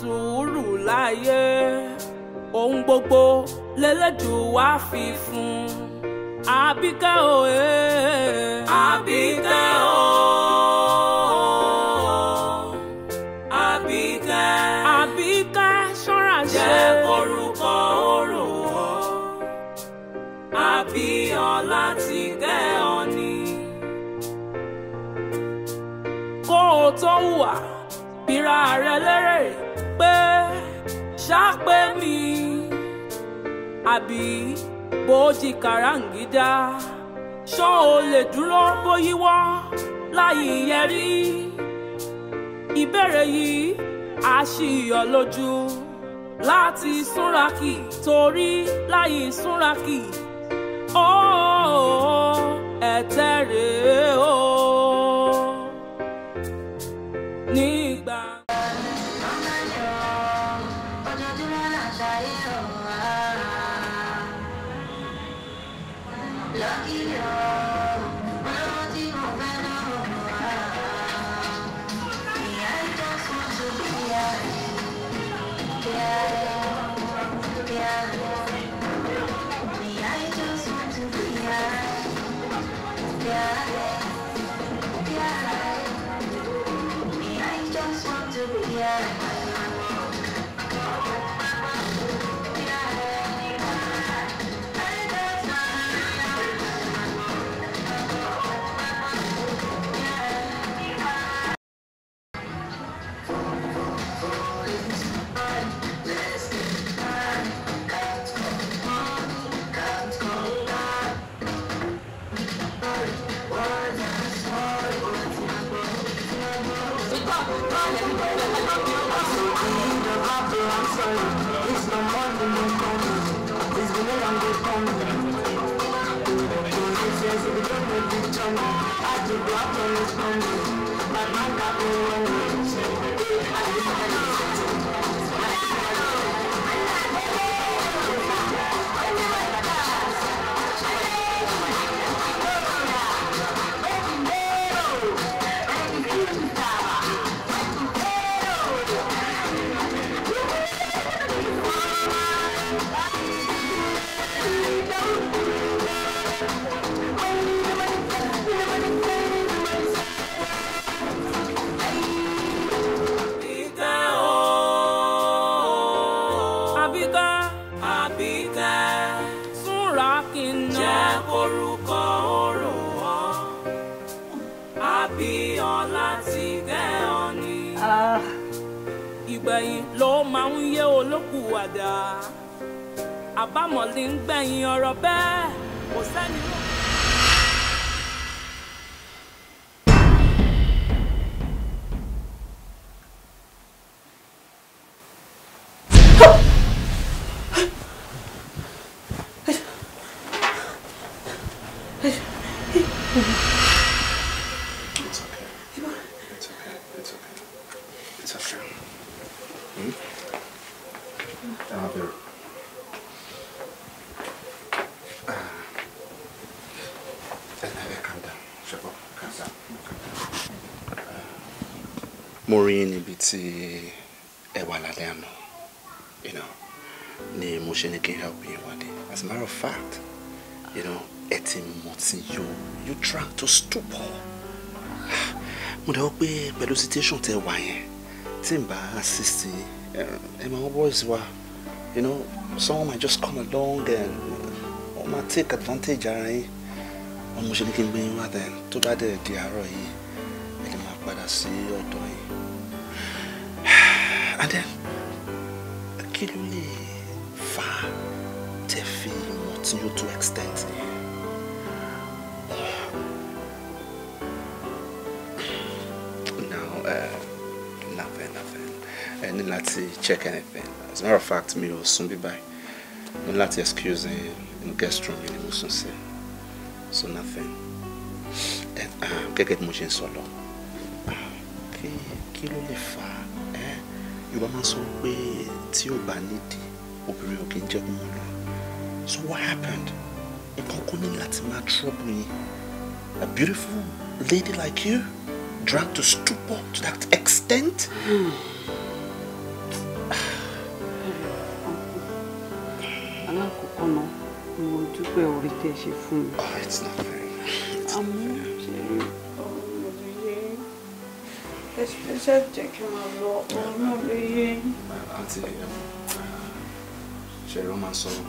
sùúrù láyé ohun gbogbo lẹ́lẹ́dùwà fi fún Àbíkẹ́ òye. Eh. Àbíkẹ́ ooo Àbíkẹ́. Àbíkẹ́ ṣọ́ra ṣe. jẹ́ orúkọ orò ọ́ kó o tó wà bíra rẹ lérè pé ṣáàpé mi àbí bòójì kàràǹgídá ṣó o lè dúró bóyíwọ́ láì yẹrí ìbéèrè yìí á ṣì yọ lójú láti súnrakì torí láì súnrakì ó ẹ̀tẹ̀ rèé o. Yeah. ìgbẹ̀yìn ló máa ń yé olókùwàdà àbámọ̀ ń gbẹ̀yìn ọ̀rọ̀ bẹ́ẹ̀ kò sẹ́ni ló. níbi tí ẹ wà lálẹ́ àná you know ni mo ṣe ní kí n help yín wá dé as a matter of fact you know ẹ ti mutí yó you drank to stupor mo dẹ̀ wọ́n pé pẹ̀lú situation tẹ wà yẹn tí n bá assist yín ẹ máa wọ́n boys wa you know someone might just come along and wọ́n máa take advantage ara yín wọ́n mo ṣe ní kí n gbé yín wá then tó bá dẹ̀ di àárọ̀ yìí ẹ lè máa padà sí ọ̀dọ̀ yín and then kí ló far tefi á tẹ̀ fi mọ̀ tí now uh, nothing nothing ẹ ní láti check anything as a matter of fact me will soon be báyìí ní láti excuse in guest room yìí ni mo sùn so nothing And ah, bí mo ṣe ń sọ lọ ah, kí ló lè yorùbá máa sọ pé tí ò bá nídìí obìnrin ò kì í jẹ́ ọmọ lọ so what happened nǹkan kan ní láti máa trouble yín a beautiful lady like you dragged to stupor to that extent. Hmm. alákòókò náà mo dúpẹ́ orí tẹ́ ṣe fún mi. oh it's not fair. ṣe jẹ́ kí lot, i lọ ọ̀hún náà lè a romance ṣẹ̀rọ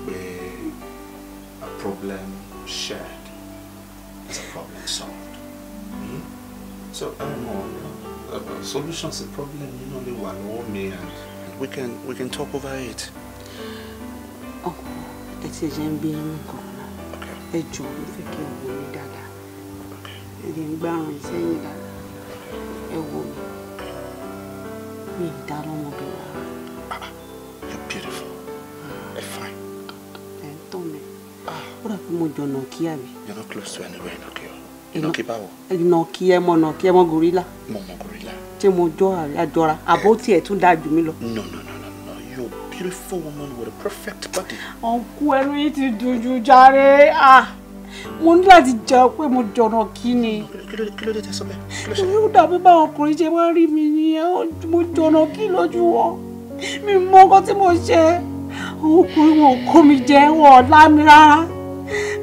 a problem shared is a problem solved. Mm? so ẹ̀mọ́ um, uh, uh, solutions to problem you náà lè wà lọ́wọ́ mi and we can we can talk over it. ọkọ oh, ẹ ti jẹ́ ń bí ẹnu mi ìdá lọ́mọbìnrin rárá. ah you're beautiful ẹ fine. Don't ń tàn mí ó rà pé mo jọ nàkí you're not close to anywhere in o nàkí báwo. nàkí ẹ mọ nàkí ẹ mọ gorilla. mo mọ gorilla. ṣé mo jọ àjọra àbó tiẹ̀ tún dáa jù mí lọ. no no no no no you're a beautiful woman with a perfect body. ọ̀nkú ẹnu yìí ti dùn jù jàre ah mo ní láti jà pé mo jọ̀nà kí ni. kí ló dé tẹ sọ bẹ́ẹ̀. torí ó dàbí báwọn ọkùnrin ṣe máa ń rí mi nìyẹn mo jọ̀nà kí lójú wọn mi mọ nǹkan tí mo ṣe àwọn ọkùnrin wọn kó mi jẹ wọn ọ̀la mi rárá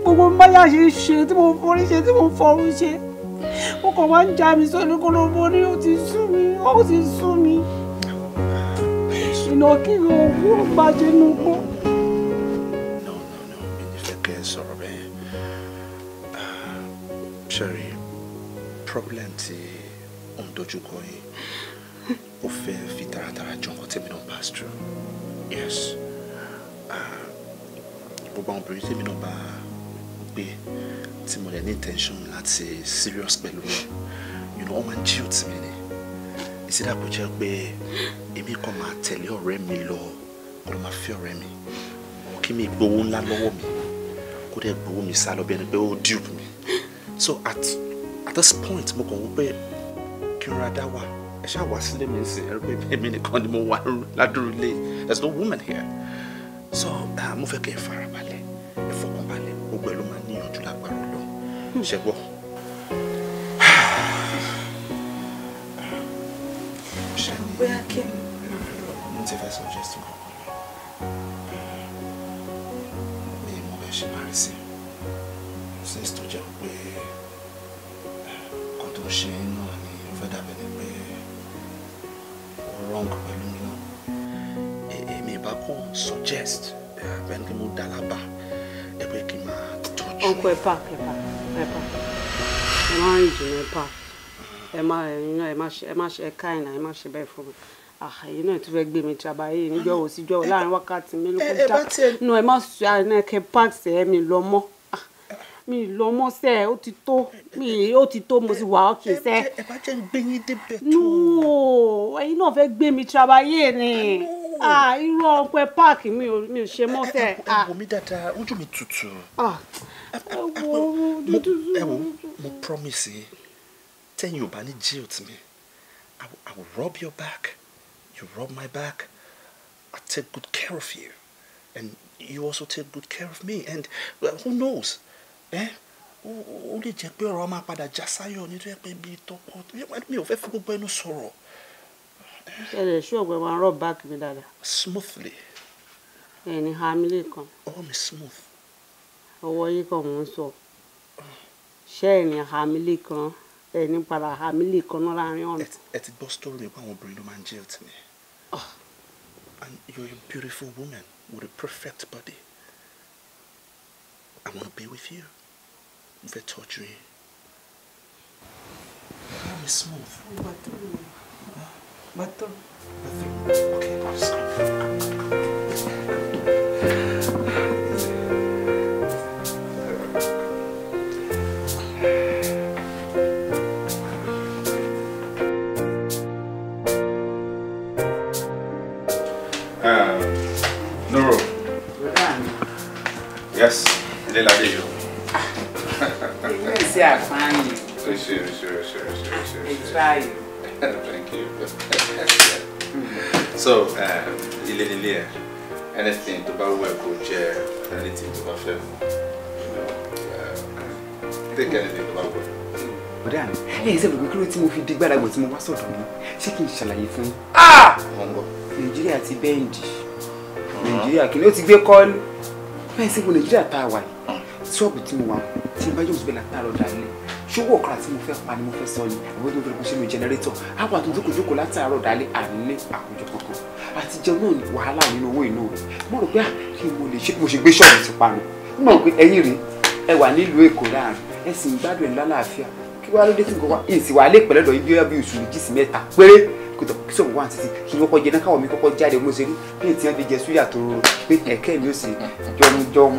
gbogbo máyà ṣe ṣe tí mo forí ṣe tí mo fọrún ṣe mo kàn wá ń já mi sórí kólóbó ní ó ti sú mi ó ti sú mi ìnà kí n bá ṣe nù ṣẹ́rí problem tí ó ń dojúkọ yìí ó fẹ́ fi taratara jọ nǹkan tèmi náà pass through yes gbogbo àwọn obìnrin tèmi náà bá gbé tí mo lè ní intention láti serious pẹ̀lú you know wọ́n máa ń jíù tì mí ni ìsídà kò jẹ́ pé èmi kàn máa tẹ̀lé ọ̀rẹ́ mi lọ kó ló máa fẹ́ ọ̀rẹ́ mi kí mi gbowó ńlá lọ́wọ́ mi kó dẹ̀ mi sá lọ bí ẹni pé ó so at at this point mo kàn wọ́n pé kí n ra dá wà ẹ ṣáà wá sílé mi sí ẹ rí pé èmi nìkan ni mo wà ládùúrú ilé there's no woman here so mo fẹ́ kí ẹ farabalẹ̀ ẹ fọkànbalẹ̀ gbogbo ẹ ló máa níyànjú lágbára lọ hmm. ṣe gbọ́. bóyá kí n. mo ti fẹ́ sọ jẹ́sùn kan pẹ̀lú mi mo bẹ ṣe since tó jẹ́ pé kan tó ṣe náà ni ó fẹ́ dàbẹ̀ ni pé ó wrong pẹ̀lú mi náà. èmi ìbá kò suggest bẹ́ẹ̀ ni mo dá lábàá ẹgbẹ́ kí n máa tọ́jú. ọkọ ẹ pa ẹ pa ẹ pa ẹ má rìn jìnnà ẹ pa ẹ má ẹ má ẹ má ẹ ká ìnà ẹ má ṣe bẹ́ẹ̀ fún mi àyè ah, náà tó fẹ́ gbé mi jaba yìí níjọ́ òsíjọ́ láàrin wákàtí mélòó kó dá nù ẹ má sọ àná kẹ pàṣẹ ẹ mi lọ mọ́ mi lọ mọ́ sẹ́ ó ti tó mi ó ti tó mo sì wà ókè sẹ́. ẹ bá jẹ́ ń gbé yín débẹ̀ tó. nù ẹyin náà fẹ́ gbé mi trabayé ni irú ọpẹ páàkì mi ò ṣe mọ́ sẹ́. ẹ wò mí dáadáa ojú mi tutù. ẹ wò mo promise tẹ́yìn ò bá ní guilt mi I will, I will rub your back you rub my back I take good care of you and you also take good care of me and well, who knows ẹ́ ó lè jẹ́ pé ọ̀rọ̀ máa padà já sáyọ̀ nítorí pé ibi tọkọ mi ò fẹ́ fi gbogbo ẹnu sọ̀rọ̀. ẹ lè ṣú ọgbẹ wa rọ báàkì mi dáadáa. smoothly. ẹ ní hamilton kan. ọwọ́ mi smooth. ọwọ́ yìí kan mò ń sọ ṣé ẹ ní hamilton kan ẹ ní padà hamilton kan náà láàrin ọ̀nà. ẹ ti gbọ́ story nípa àwọn obìnrin ló máa ń jẹ́ ọtí mi. and you're a beautiful woman with a perfect body. I want to be with you. fẹ́ tọ́jú yín let smooth. bathroom ah. bathroom bathroom okay I'm sorry. báyìí. thank you so um, ilé nílé ẹ anything tó bá wù ẹ́ anything to anything tó you know, mu um, take anything to bá wù ẹ́ ọ̀dà mi ẹ̀ ẹ̀ sẹ́gun kíló tí mo fi di gbàdàgbọ̀ tí mo wá sọ̀dọ̀ mi ṣé kí n ṣàlàyé fún yín. Ah! nàìjíríà ti bẹ́ẹ̀ndì nàìjíríà kìíní ó ti gbé kọ́ọ̀lù bẹ́ẹ̀ sẹ́gun nàìjíríà tá a wà yìí ṣọ́ọ̀bù tí mo wà tí n ṣówó ọ̀kan àti mo fẹ́ pa ni mo fẹ́ sọ yìí àwọn tó ń fẹ́ sínú jẹnẹrétọ̀ á wà tó dúkùú dúkùú látàárọ̀ dálẹ́ àní àkójọ kankan àti jẹun náà wàhálà nínú owó inú rẹ̀ mo rò pé ah, kí mo lè ṣe mo ṣe gbé ṣọ́ọ̀bù ti parun mo mọ̀ pé ẹ̀yin rèé ẹ wà nílùú èkó láàrin ẹ sì ń gbádùn ẹ̀ lálàáfíà kí wàá ló dé tí nǹkan wá ìsìn wàá lè pẹ̀lẹ́dọ̀ yín bí ó yá bí oṣù méjì sí mẹ́ta péré kòtò kìsọ̀ wà títí kí n kọ́kọ́ jẹ náà káwọn mi kọ́kọ́ jáde mo ṣe rí bí ètí wọn fi jẹ súyà tó rọrọ pé ẹ̀kẹ́ mi ò sì jọrun jọrun.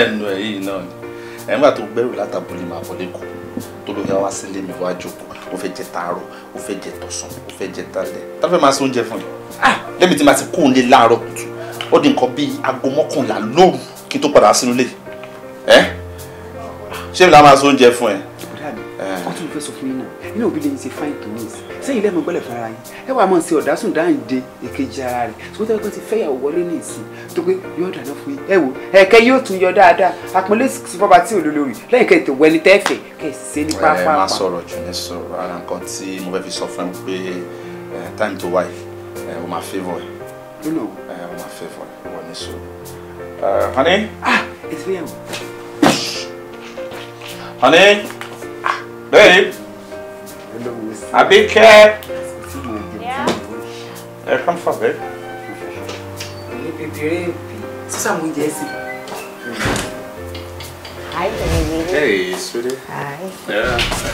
ẹnu ẹ yìí náà ni ẹ̀yìn gbà tó gbẹ́rù látàbúlé máa wọlé kù tó ló yá wá sílé mi wá jókòó ó fẹ́ jẹ tàárọ̀ ó fẹ́ jẹ tọ̀sán ó fẹ́ jẹ talẹ́ tá máa ṣe oúnjẹ fún yìí ah lẹ́mi tí màá ti kóun lé láàárọ̀ kùtù ó di nǹkan bíi aago mọ́kànlá lóru kí n tó padà sínú lé ẹ ṣé mi lá máa ṣe oúnjẹ fún ẹ. ọtún fẹ́ sọ fún yín náà inú òbí lè ṣe fáìn tó sẹ́yìn lẹ́mọ̀ gbọ́lẹ̀ fara yín ẹ wà máa ṣe ọ̀dásùn dáǹde èkejì ara rẹ̀ tó yẹ kó ti fẹ́yàwó wọlé ní ìsìn tó pé yóò dáná fún yín ẹ wò ẹ̀kẹ́ yóò tún yọ dáadáa àpọ́nlé sí fọ́ba tí ò lólórí lẹ́yìn kẹ́ ètò wẹni tẹ́fẹ̀ kẹ́ ẹ̀ ṣe ní pápá. ẹ má sọ̀rọ̀ jù ní sọ̀rọ̀ ara nǹkan tí mo fẹ́ fi sọ fún mi pé time to wife o máa favour ẹ o máa ẹ wọ honey. ah it's me. honey. babe. Abike! Yeah? Uh, come for bed. Hi, baby. Hey, sweetie. Hi. Yeah.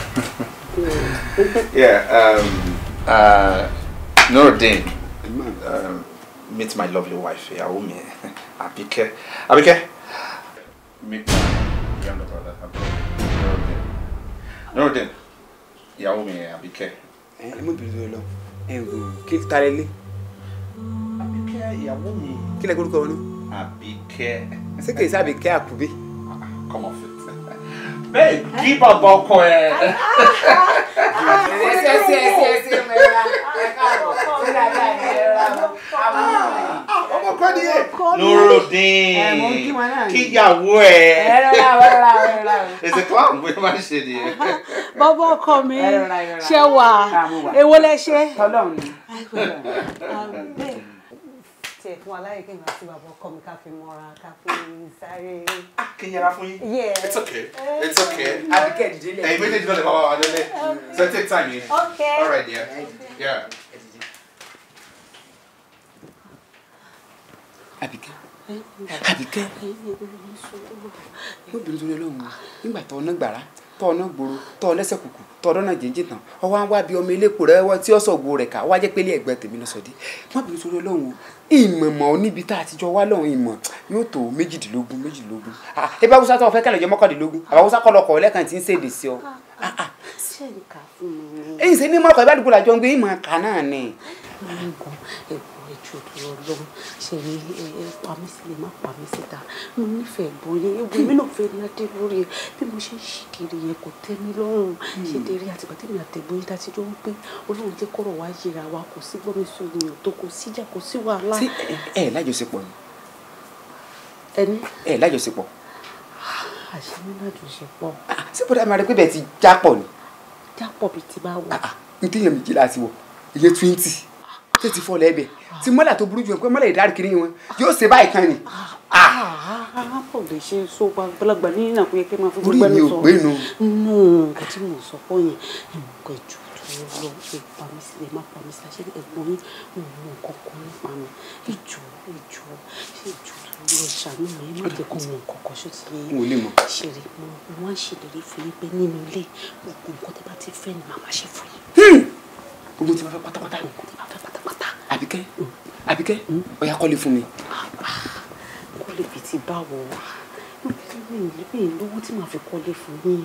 yeah, um, uh, Norodin, um, meet my lovely wife, Yaomi, Abike. Abike, meet my younger brother, Norodin. Norodin. ìyàwó mi yẹn àbíkẹ́. ẹ ẹ mú ìbílẹ̀ rẹ lọ ẹ wò kí ta lẹ lé. àbíkẹ́ ìyàwó mi. kí lẹ kórúkọ wọn ni. àbíkẹ́. ṣé kìí sábì àkùbí. come off it bẹ́ẹ̀ kí bàbá é ẹ. ẹsẹ̀ ẹsẹ̀ ẹsẹ̀ ẹsẹ̀ mẹ́ra ẹ̀ka àbọ̀ sí dáadáa ìlera ọmọ kọ́ ni ẹ. Nurudeen kíyàwó ẹ. èsì kan àwọn tiẹ̀ fún wa láyé kí n àti bàbá ọkọ mi ká fi mọ́ra ká fi sáré. Ah, kí n yẹra fún yín. it's okay eh. it's okay. àbíkẹ́ ìdílé lẹ́yìn. ẹ̀yin méjèèjì lọ́lẹ̀ bàbá wa lọ́lẹ̀ so take time yẹn. okay all right yeah. yeah. àbíkẹ́ àbíkẹ́ mo bèrè torí ọlọ́run nígbà tó ọ̀nà gbàrà tọ́ ọ̀nà gbòòrò tọ́ ọlẹ́sẹ̀ kùkù tọ́ ọ̀nà jíjìn tán ọwọ́ wá bí ọmọ ilé rẹ tí ọ̀sọ̀ gbòòrò rẹ̀ ká wá pélé ẹ̀gbẹ́ tèmi lọ́sọ̀dí wọ́n bèrè torí ọlọ́run ìmọ̀mọ̀ níbi tá a ti jọ wá lọ́hùn ìmọ̀ yóò tó méjìdínlógún méjìdínlógún ah, ah, ẹ bá wúsá tó fẹ́ kẹlẹ̀ jẹ́ mọ́kàndínlógún àbá wúsá kọ́ lọkọ̀ lẹ́kàn tí ń ṣèdè sí ọ. Ah, ṣé ìka fún mi. èyí ṣe ní mọ́kàn ìbádùgbò làjọ ń gbé ìmọ̀ kan náà ni ṣòtò ọlọ́run ṣe ní pàmí sílẹ̀ má pàmí síta mo nífẹ̀ẹ́ gbọ́ yẹn ewu èmi náà fẹ́ ní adé lórí ẹ bí mo ṣe ń ṣì kiri yẹn kò tẹ́ mi lọ́rùn ṣe dèrè àtìgbà tèmi àtẹ̀gbọ́n yín dájú jọ ń pé ọlọ́run jẹ́ kọ́rọ̀ wá yẹra wa kò sí gbọ́mi sùn ènìyàn tó kò síjà kò sí wàhálà. ṣé ẹ ẹ lájọṣepọ̀ ni. ẹni. ẹ ẹ lájọṣepọ̀. àṣìmí lájọṣepọ̀. ṣé bọ́dà máa rí pé bẹ́ẹ̀ ti jápọ̀ ni. jápọ̀ bíi ti bá wọ ṣé ti fọlẹ̀ ẹbẹ̀ tí mọ́là tó burú jù pé mọ́là ìdárí kiri wọn yóò ṣe báyìí kan ni. àpò ah, lè ṣe so gbalagbà ní ìnà kó yẹ kí n máa fi gbogbo ẹni sọ orí mi ò gbé nu. nù nǹkan tí mò ń sọ pọ̀ yẹn nǹkan ìjù tó lọ ṣe pa mí sílẹ̀ má pa mí sílẹ̀ ṣé ẹ̀gbọ́n mi mò ń mọ nǹkan kan nípa mi ìjù ìjù ṣé ìjù tó lọ ṣàánú mi má jẹ́ kó mọ nǹkan kan ṣó ti yẹ ṣeré mo wá ṣèlérí fún yín pé nínú ilé gbogbo nǹkan bá ti fẹ́ ni màmá ṣe fún yín gbogbo tí ma fẹ́ pátápátá yìí àbíkẹ́ àbíkẹ́ ọ̀yà kọ́lé fún mi. kọ́lé bíi ti báwo mi lówó tí màá fi kọ́lé fún yín.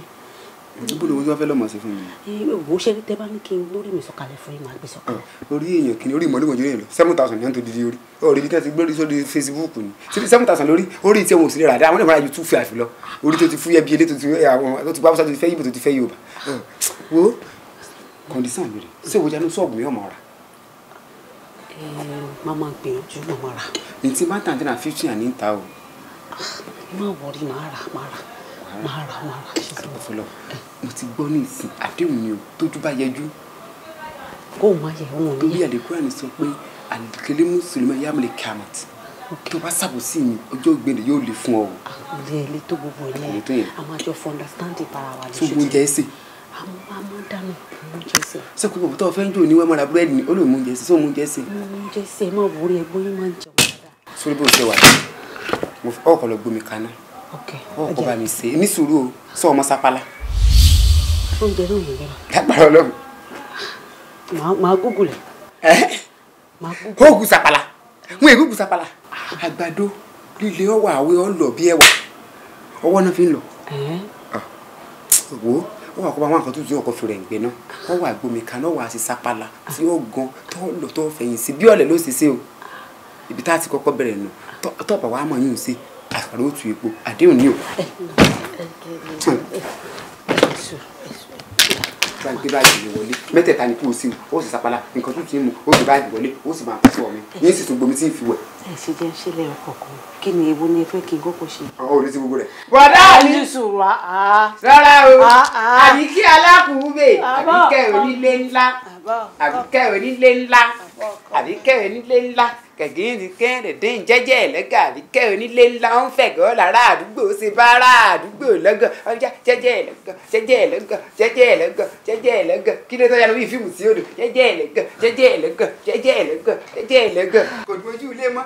níbo lówó tí wọ́n fẹ́ lọ́mọ fún mi. ìwò ṣe tẹ bá ní kí n lórí mi sọ̀kalẹ̀ fún yín màá gbé sọ̀kalẹ̀. Ah, orí èèyàn kìíní orí ìmọ̀lẹ́wọ̀n jẹ́ èèyàn lọ seven thousand ní à tó didi orí orí ibi tí wọ́n ti gbé sórí Facebook ni seven thousand lórí orí tí wọn ò sí rà dá àwọn èèyàn máa ju two five lọ orí tó ti fúyẹ́ bíi ilé tó ti fẹ́ Yorùbá ah, wo kọ̀ǹdísàn mi rè ṣé ìwé jẹ́nu ṣọ́ọ̀bù yóò mọ̀ ra. màmá gbìyànjú màmá ra. ètí bá tàn dínà fifty and níta o. Ah, má wọrí màá ra màá ra màá ra màá ra. àdúgbò fọlọ mo ti gbọ́ ní ìsìn àdéhùn ni o tójú bá yẹjú. kó o má yẹ òun ni. lórí àdékúrà ni sọ pé àdìkẹ́lẹ́ mùsùlùmí yàmùlẹ̀ kàmàtì tó bá ṣàbòsí mi ọjọ́ ìgbẹ́ni yóò le fún ọ. ilé ah, ilé tó gbogbo ilé a máa jọ fọ understanding para wa lóṣù tí. tó gbóúnjẹ ẹsẹ̀ àmọ́ àmọ́ dànù oúnjẹ sè. ṣé kò tó fẹ́ jò ní wẹ́mọ́ra búrẹ́dì ni ó lè mú oúnjẹ sè sóhun oúnjẹ sè. mo mú oúnjẹ sè mọ òwúrọ̀ ẹgbẹ́ yín máa ń jẹun dáadáa. sórí bó ṣe wà ní ọkọ̀ lọ gbómi kaná ọkọ̀ bá mi sè é ní sùúrù o sọ ọmọ sápálá. oúnjẹ Google yẹn lẹ́nu. lágbára o màá gúgù lẹ̀. oògùn sàpàlà wọn èyí gúgù sàpàlà. àgbàdo líle ọwọ́ àwẹ̀ ọlọ bí ẹwà ọwọ́ náà fi ń lọ. Ah, wo wọ́n wà kó bá wọn àkàntún tí ọkọ̀ fèrè ń gbé náà wọ́n wà gbomi kan náà wà sí sapala tí ó gan tó lọ tó fẹ̀yìn sí bí ọ̀lẹ́ ló ṣe ṣe o ibi tá a ti kọ́kọ́ bẹ̀rẹ̀ nù tọ́pọ̀ wa mọ̀ yín ṣe àkàrà ó tu epo àdéhùn ní o bá ń gbé báàgì mi wọlé mẹ́tẹ̀ẹ̀ta ni kò sí o sì sapala nǹkan tó ti mú ó gbé báàgì wọlé ó sì máa pàṣẹ ọ̀mí yín sì tún gbomi tí ì fi wẹ̀. ẹ ṣe jẹ́ ṣẹlẹ̀ ọkọ̀ọ̀kan kí ni ewu ni ẹ kí n kókó ṣe. ọ ò ní sí gbogbo rẹ. bọ̀dá mi rárá o àbíkẹ́ alákùnrin bè àbíkẹ́ onílé ńlá àbíkẹ́ onílé ńlá àbí kẹ́ onílé ńlá kẹ̀gìnrín kẹ́rìn dín jẹ́jẹ́ ẹ̀lẹ́gà àbí kẹ́ onílé ńlá ń fẹ̀gọ́ lára àdúgbò ṣe bá ara àdúgbò lọ́gàn ọjà jẹ́jẹ́ ẹ̀lẹ́gàn jẹ́jẹ́ ẹ̀lẹ́gàn jẹ́jẹ́ ẹ̀lẹ́gàn jẹ́jẹ́ ẹ̀lẹ́gàn kí ló tọ́jà lórí fíìmù sí odò jẹ́jẹ́ ẹ̀lẹ́gàn jẹ́jẹ́ ẹ̀lẹ́gàn jẹ́jẹ́ ẹ̀lẹ́gàn jẹ́jẹ́ ẹ̀lẹ́gàn. kò dùn ojú ilé mọ́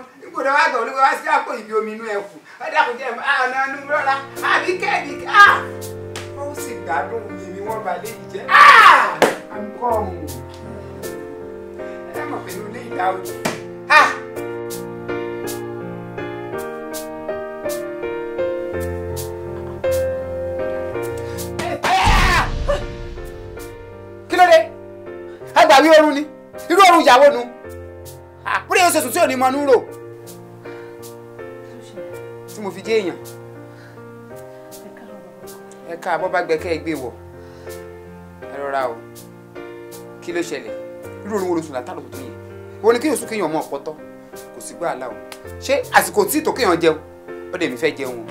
ibùdó mọ̀ pé inú ilé ìdáwó. kí ló dé agbàwí oorun ni irú oorun ìyàwó nu o yóò ṣe sùn tí ò ní mọ núrò tí mo fi jẹ́ èèyàn ẹ̀ka àbọ̀bá gbẹ̀kẹ́ ẹ gbé wọ̀ ẹ rọra o kí ló irú orin wo ló sùn látàlù tó yẹ wọn ni kéèyàn sún kéèyàn mọ ọpọtọ kò sí gbà láwọn ṣé àsìkò tí ìtò kéèyàn jẹun ó dẹ̀ mi fẹ́ jẹun o.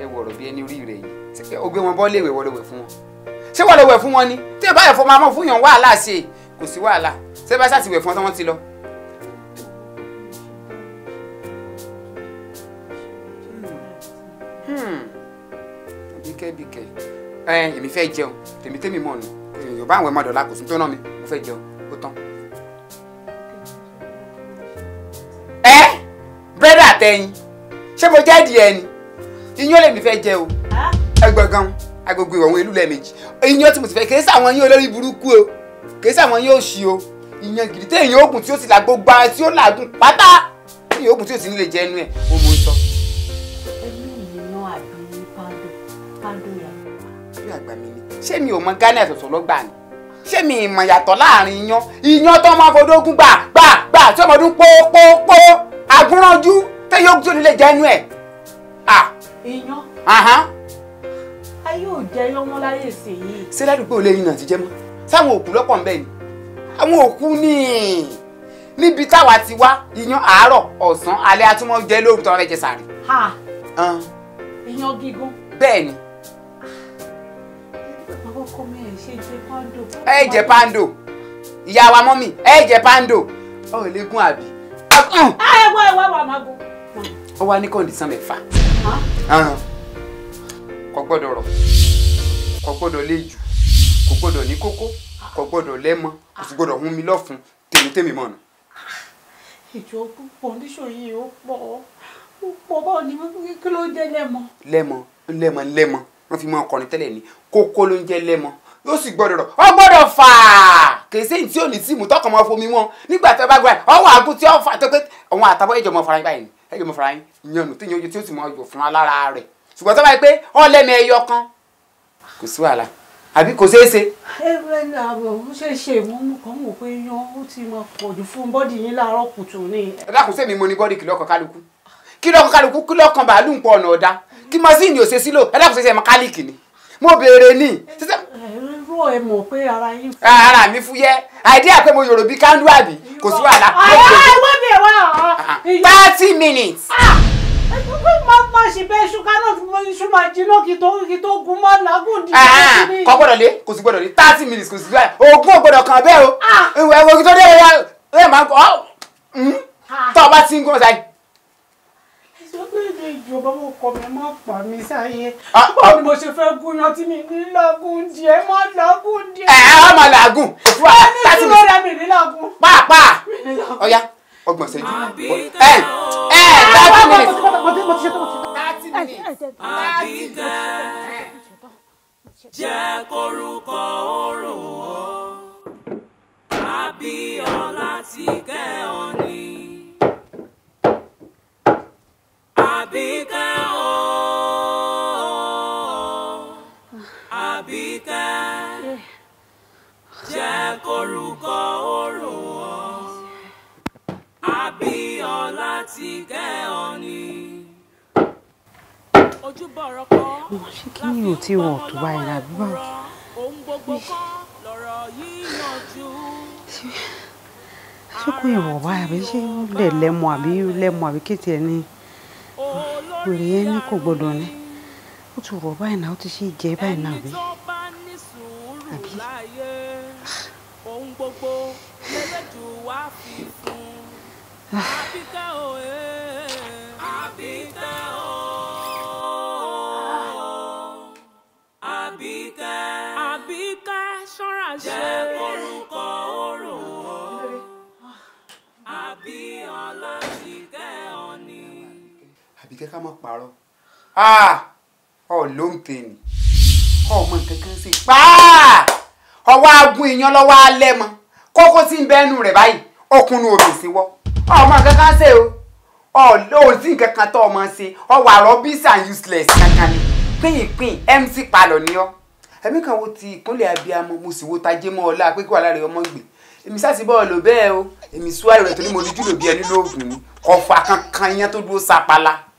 ẹ wọ̀rọ̀ bí ẹni orí rẹ̀ yìí ó gbé wọn bọ́ léèwé wọléwé fún wọn ṣé wọléwé fún wọn ni tí ẹ bá ẹ̀fọ́ máa mọ̀ fún yàn wàhálà ṣe kò sí wàhálà ṣé bá ṣàtìwẹ̀ fún ọ tí wọ́n ti lọ bíkẹ́bíkẹ́ ẹ èmi fẹ́ jẹun tèmi tèmi mọ̀ nù yorùbá àwọn ẹ̀mọ́ àdọ̀lá kò sún tó náà mi mo fẹ́ jẹun ó tán. ẹ bírèdì àtẹyin ṣé mo jẹ́ ìdí ẹni iyán lèmi fẹ́ jẹ o ẹgbẹ̀gàn agogo ìwọ̀n ìlú lẹ́ẹ̀mejì iyán tí mo ti fẹ́ kèé sàwọn yín olórí burúkú o kèé sàwọn yín òṣì o ìyàn gidi téèyàn oògùn tí ó sì làgbó gba tí ó làágùn pátá téèyàn ó sì nílè jẹ ṣé mi ò mọ Ghana ẹ̀sọ̀sọ̀ ló gbà ni ṣé mi ìmọ̀ yàtọ̀ láàrin iyán iyán tó máa fọdógún gbà gbà gbà tí ọmọdún pópópó agúnranjú tẹ́ yóò tó nílé jẹ́nu ẹ̀. iyán a yóò jẹ yán mọ́ láyé ìsìnyí. ṣé ládùúgbò lẹ́yìn náà ti jẹ́ mọ́ sáwọn òkú lọ́pọ̀ ń bẹ̀ ni àwọn òkú ni níbi táwa ti wá iyán àárọ̀ ọ̀sán alẹ́ atúmọ̀ jẹ́ lóru tọ́ra ẹ̀jẹ̀ sàárè. iyán gígún. bẹ́ẹ̀ ni ẹ jẹ pando ìyá wa mọ́mì ẹ jẹ pando ọ ò lè gún àbí. ẹ ah, wọ ẹ wá wà máa bọ. ó wá ní kọ́ndísán mẹ́fà kò gbọ́dọ̀ rọ̀ kò gbọ́dọ̀ léjù kò gbọ́dọ̀ ní kókó kò gbọ́dọ̀ lẹ́mọ kò sì gbọ́dọ̀ hun mi lọ́fun tèmítèmí mọ̀nà. ìjọ kọ́ndíṣọ̀ yìí ó pọ̀ pọ̀ báwo ni kí ló jẹ́ lẹ́mọ. lẹ́mọ lẹ́mọ lẹ́mọ wọ́n fi mọ ọkọrin tẹ́lẹ̀ ní kókó ló ń jẹ́ lẹ́mọ yóò sì gbọ́dọ̀ rọ̀ ọ gbọ́dọ̀ fà á kèsè tí ò ní tí mú tọkàn máa fomi wọn nígbà tó bá gbà ọwọ́ àgùn tí ó fà tó pé àwọn àtàwọn ẹ̀jọ̀ mọ farayin báyìí ẹ̀jọ̀ mọ farayin yànnù tí yànjú tí ó sì mọ ọjọ́ fún alára rẹ̀ ṣùgbọ́n tó bá yẹ pé ọ lẹ́nu ẹyọ kan kò sí wàhálà àbí kò ṣeé ṣe. ẹ ẹ àbọ̀ mo ṣe ṣe ìmọ̀mú kan mọ̀ pé yan ó ti máa pọ̀ jù fún bọ́dì yín láàárọ̀ kùtù ni. ẹ dákun sẹ́mi mo ní bọ́dì kìlọ́kàn kálukú kìlọ́kàn kálukú kìlọ́kàn bàálù ń pọ̀ ọ̀nà ọ̀dá kí masíìnì ò ṣe sílò ẹ dákun sẹ́sẹ́ mẹkáníìkì ni mo béèrè ní. ẹ ẹ wò ẹ mọ̀ pé ara yín fún. ara mi fúyẹ́ àìdíyà pé mo yòrò bí kándú àbí kò sí wàhálà. ọ̀rọ̀ ẹ̀wọ́n mi wà ọ̀. thirty minutes. Ah, Má gbèdé ìjọba mo kọ mi má pa mi sáyé báwo ni mo ṣe fẹ́ gúnyán tí mi ní lágùn díẹ̀ má lágùn díẹ̀. ẹ á máa làágùn. wọ́n ní ìṣúná rẹ̀ mi ní lágùn. pàápàá ọ̀ya ọgbọ̀n ṣẹ́jú ẹ ẹ thirty minutes. thirty minutes. jẹ́ korúkọ orò wọ́n àbí ọ̀la ti kẹ́ ọ ní. Àbíkẹ́ ooo oh, Àbíkẹ́ jẹ́ korúkọ orò ọ́ Abíọ́lá ti kẹ́ ọ ni. ojúbọ ọ̀rọ̀ kọ́ ṣé kí ni ò tí wọn tó báyìí lábí báyìí. ohun gbogbo ṣé kò ìwọ̀ báyìí àbí ṣé lẹ̀ lẹ́mu àbí lẹ́mu àbí kété ẹ̀ wèrè yẹn ní kò gbọdọ̀ ní ó ti rọ̀ báyìí náà ó ti ṣe jẹ́ báyìí náà bí àbí. ohun jẹ́ ká má parọ́ ọ̀ ló ń tè ní ọmọ nǹkan kan sí pa ọwọ́ agun èèyàn lọ́wọ́ alẹ́ mọ́ kókó tí ń bẹ ẹnu rẹ̀ báyìí ọkùnrin òbí sí wọ́ ọmọ nǹkan kan ṣe o ọ̀lọ́ọ̀sì nǹkan kan tó ọmọ ṣe ọwọ́ àrọ́ and useless kankan ni pínpín mc palọ̀ ni ọ́ ẹ̀mí kan wo ti ìkúnlẹ̀ abiyamọ mo sì wo tajé mọ́ ọlá pé kí wàhálà rẹ̀ ọmọ gbè èmi sáàsì bọ́ọ̀ lò bẹ́ẹ̀ o èmi súwárì rẹ̀ torí mo lójú lòbí ẹni lóògùn ni ọ̀fà kankan iyán tó dúró sapala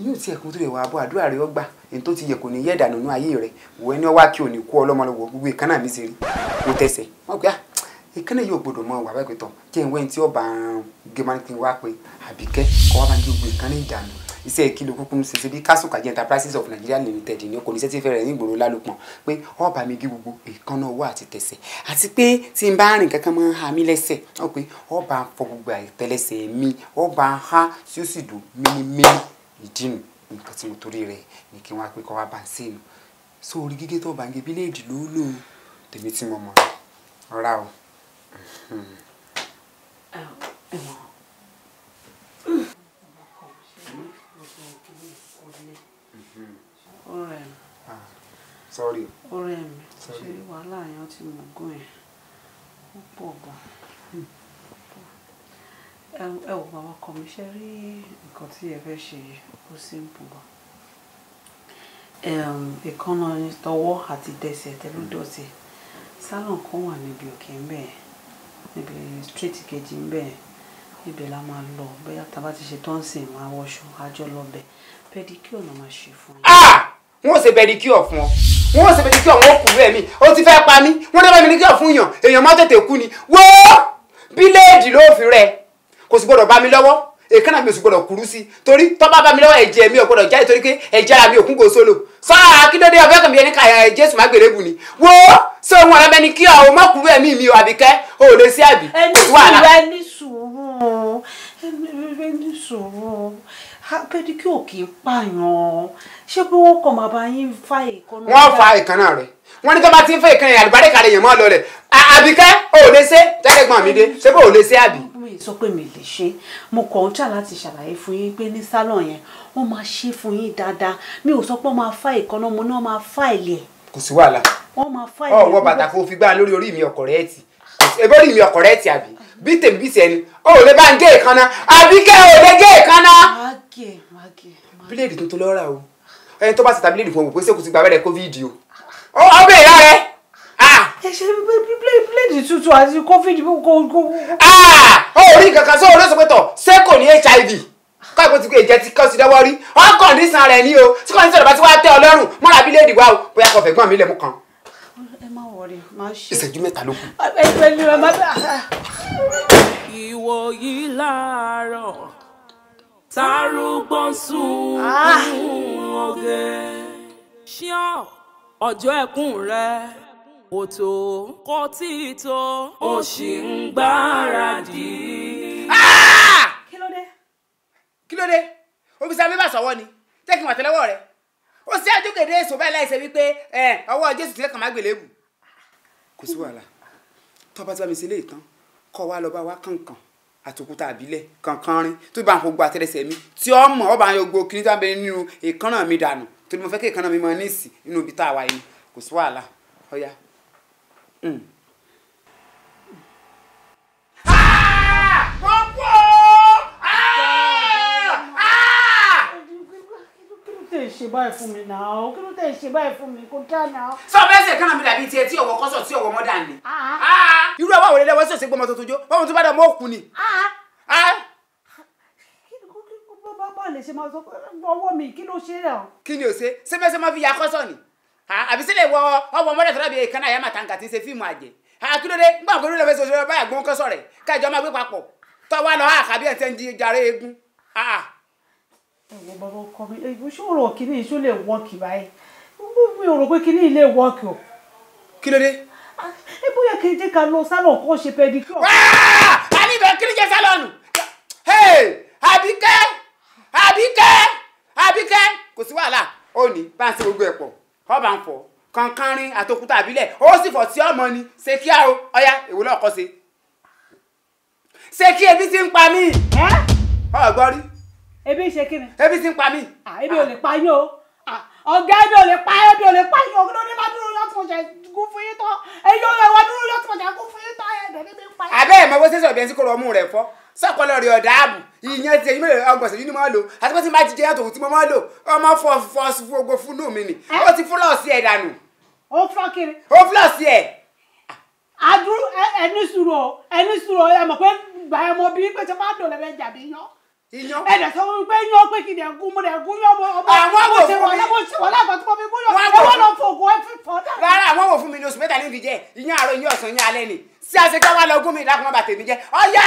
yóò tiẹ̀ kó tó lè wàá bọ́ àdúrà rẹ ọgbà èyí tó ti yẹ kò ní yẹ ìdànù nínú ayé rẹ wọ ẹni ọwá kí o ní kú ọlọ́mọ lọ́wọ́ gbogbo ìkànnà mi ti rí mo tẹsẹ̀ wọ́n gbé ah, à ìkànnà yóò gbọdọ̀ mọ wàá bẹ́ẹ̀ tọ̀ jẹ́ ìwé tí ọba gemakin wá pé àbíkẹ́ kọ́ wá máa ń gbogbo ìkànnà ìdànù iṣẹ́ kí ló kúkú ń ṣiṣẹ́ bí kásùkàjẹ́ enterprises of Nigeria limited ní kò ní sẹ́tí fẹ́rẹ̀ ní ìgboro lálùpọ̀n pé ọba mi gé gbogbo ìkànnà ọwọ́ àti tẹ̀sẹ̀ àti pé tí n bá rìn kankan máa ń lẹ́sẹ̀ ọ pé ọba fọ gbogbo àìtẹ́lẹsẹ̀ mi ọba ha tí ó sì dùn mímímí ìdí nu nǹkan tí mo torí rẹ̀ ni kí wọ́n á pé kọ́ wá bá ń sèlú so orí gígé tó bá ń gé bíléèdì ló lò ó tèmi tí mo mọ̀ rárá o. Ah, ọ̀rẹ́ mi ọ̀rẹ́ mi ṣe wàhálà yẹn ti mú gún ẹ ó pọ̀ gan-an ẹ ò màmá kọ mi ṣe rí nǹkan tí ẹ fẹ́ ṣe ó simple gan ìkànnà tọwọ́ àti dẹsẹ̀ tẹlódọ̀tì hmm. salon kan wà níbi òkè ń bẹ̀ níbi street kejì ń bẹ̀ ibẹ̀ la máa lọ bóyá tá a bá ti ṣe tán sìn máa wọṣọ àjọ lọ́bẹ̀ pedicure náà máa ṣe fún mi. Ah! wọn ò ṣe pedicure fún ọ wọn ò ṣe pedicure wọn ò kú bẹ́ẹ̀ mi ó ti fẹ́ pa mí wọn dábàá pedicure fún yàn èèyàn má tètè kú ni wọ́ọ́ bíléèdì ló fi rẹ̀ kò sì gbọ́dọ̀ bá mi lọ́wọ́ èkánná mi ò sì gbọ́dọ̀ kúrú sí torí tó bá bá mi lọ́wọ́ ẹ̀jẹ̀ mi ò gbọ́dọ̀ jáde torí pé ẹ̀jẹ̀ ara mi ò kún kò sólò sọ́ra akíndóde ọ̀fẹ́ kan mi ẹni ká jésù má gbèrè bù ni wo ṣé ohun ọ̀rẹ́ bẹni kí ọ̀hún mọ́kùrú ẹ̀mí mi ò àbíkẹ́ o ò lè sí àbí. ẹni sùúrù ẹni sùúrù ẹni sùúrù pẹ́ẹ́dì kí òkè pààyàn ṣé bí wọ́n kọ̀ máa bá yín fa ìkànnà. wọ́n fa ìkànnà rẹ̀ wọ́n ní tó bá ti ń fa ìkànnà rẹ̀ àlùbáríkà rẹ̀ yẹn mọ́ lọ rẹ̀ àbíkẹ́ o ò lè jáde gbọ́n mi dé ṣé bó o àbí yìí sọ pé mi lè ṣe mo kàn ń jà láti ṣàlàyé fún yín pé ní salon yẹn wọ́n máa ṣe fún yín dáadáa mi ò sọ pé wọ́n máa fá ìkànnà mo ní wọ́n máa fá ilé ẹ̀. kò sí wàhálà wọ́n máa fá ilé ẹ̀. ọwọ́ bàtà kò fi gbá lórí orí mi ọkọ̀ rẹ̀ ti ebórí mi ọkọ̀ rẹ̀ ti àbí bí tèmi bí sẹ́ni o ò lè bá ń gé ìkànnà àbí kẹ́ ò lè gé ìkànnà. bíléèdì tuntun lọ́ra o ẹni tó bá ṣe ta bíléèdì fún òwò pé sèkùsì gbàgbẹ́rẹ́ covid o ọbẹ̀ ìyá rẹ̀ ẹ ṣe bíléèdì tuntun àti covid kò. Ah! ó rí kankan sọ orí sọpẹtọ ṣé kò ní hiv káàkó ti pé ìjẹ ti kọ́ sí dẹ́wọ́ rí ọkọ̀ nísan rẹ̀ ní o tí kò ní sọ̀rọ̀ bá ti wá tẹ́ ọ lọ́rùn mọ́ra bíléèdì wa o bóyá kò fẹ́ gbọ́n mi lẹ́mú kan. ẹ má wọrí má ṣe. ìṣẹ́jú mẹ́ta ló kù. ẹ pẹ̀lú ẹ má bẹ̀. ìwọ kò tó kò tí ì tó ó sì ń gbáradì. Ah! kí ló dé kí ló dé obìsá bíbà sọ̀wọ́ ni tẹ́kì wà tẹ́lẹ́wọ́ rẹ̀ ó sì àjọkèdè èso báyìí láìsẹ̀ wípé ọwọ́ jésù tilẹ̀ kàn má gbèlè bù. kò sí wàhálà tọ́ba tí wàá mi ṣe léè tán kọ́ wa lọ bá wa kànkàn àtòkúta àbílẹ̀ kankan rin tó bá ń gbogbo àtẹrẹsẹ̀ mi tí ó mọ̀ ọ́ bá ń yọgbó kiri tó bá ń bẹ nínú èékánná mi dànù torí mo fẹ́ kí èékánná mi mọ níìsì nínú ibi tá a wà yìí kò sí wàhálà ọ̀ya ṣe báyìí fún mi náà o kí ló tẹ̀ ṣe báyìí fún mi kò dá náà. sọ fẹ́ ṣe kánà mi dàbí tiẹ̀ tí ọwọ́ kọ́sọ̀ tí ọwọ́ mọ́dà ni. irú àwọn òrèlè lẹ́wọ́ sí òṣègbè ọmọ tuntun jó báwọn tó bá dà mọ́ òkú ni. bá lè ṣe máa sọ ọwọ́ mi kí ló ṣe rẹ̀ o. kí ni o ṣe ṣé fẹ́ ṣe máa fi ya kọ́sọ̀ ni àbísílẹ̀ wọ ọwọ́ ọmọdé sọ́dọ̀ bíi kaná àyàmà tàǹkà tí ń ṣe fíìmù àjẹ́ akílódé nígbà òkúrú lè fẹsẹ̀ sọ́dọ̀ báyà gbóhùn kọ́sọ̀ rẹ̀ kájọ máa gbé papọ̀ tọ́wọ́ lọ àkàbí ẹ̀ tẹ́ ń jàre eégún. ẹ̀wọ̀n bàbá ọkọ mi ìṣòro kìíní iṣó lè wọ́ọ̀kì báyìí mi ò rò pé kìíní ilé wọ́ọ̀kì o. kílódé. Ah, ẹ bóyá kì í jẹ́ ká lọ sálọ̀ kó ṣe pedicure. a ní ìbẹ̀ kí ni jẹ́ sálọ̀nù. Àbíkẹ́ Àbíkẹ́ Àbíkẹ́ kò sí wàhálà ó ní bá a ṣe gbogbo ẹ̀ pọ̀ ọba ń fọ kankanrin àtòkúta àbílẹ̀ ó sì fọ̀ sí ọmọ ni ṣe kí á o ọya èwo lọ́ọ̀kọ́ ṣe ṣe kí ebi ti ń pa mí ọgbọ́n rí. ebi ṣe kí ni. ebi ti ń pa mí. ebi ò lè pa yín o ọ̀gá ebi ò lè pa yín ebi ò lè pa yín o lórí bá dúró yọtí mo jẹ kú fún yín tán ẹ̀yin ò lè wá dúró yọtí mo jẹ kú fún yín tán ẹ̀ sọ̀kọlọ rẹ̀ ọ̀dààbù ìyẹn ti ẹ̀yìn mẹ́rin ọgbọ̀nsẹ̀ yìí ni mo lò àti pé tí máa jíjẹ yàtọ̀ tí mo máa lò ọmọ fọ fọ gbogbo fúnú mi ni ó ti fúlọ̀ọ̀sì ẹ̀ dànù. ó fọ́ kiri. ó fúlọ̀ọ̀sì ẹ̀. adu ẹni sùúrù ẹni sùúrù ẹ mọ̀ pé gbàyà mo bí pé tí wọ́n á dò lẹ́bẹ̀ẹ́ jàbí yán. iyán. ẹ dẹ̀ sọ pé yán pé kìnìún ẹ̀gún mo dẹ̀ gún yán mo ọmọ mo ṣe wọlé mo ṣe wọlé àgbà tí mo fi gún yán ẹ wọ́n lọ fògùn ẹ fi fọ́ dà. rárá àwọn wò fún mi ní oṣù mẹ́ta ní ìdíjẹ́ iyán àárọ̀ iyán ọ̀sán iyán alẹ́ ni sí àṣekẹ́ wa lọ gún mi ìdákùnmọ́ bàtẹ́ mi jẹ́ ọ̀yà.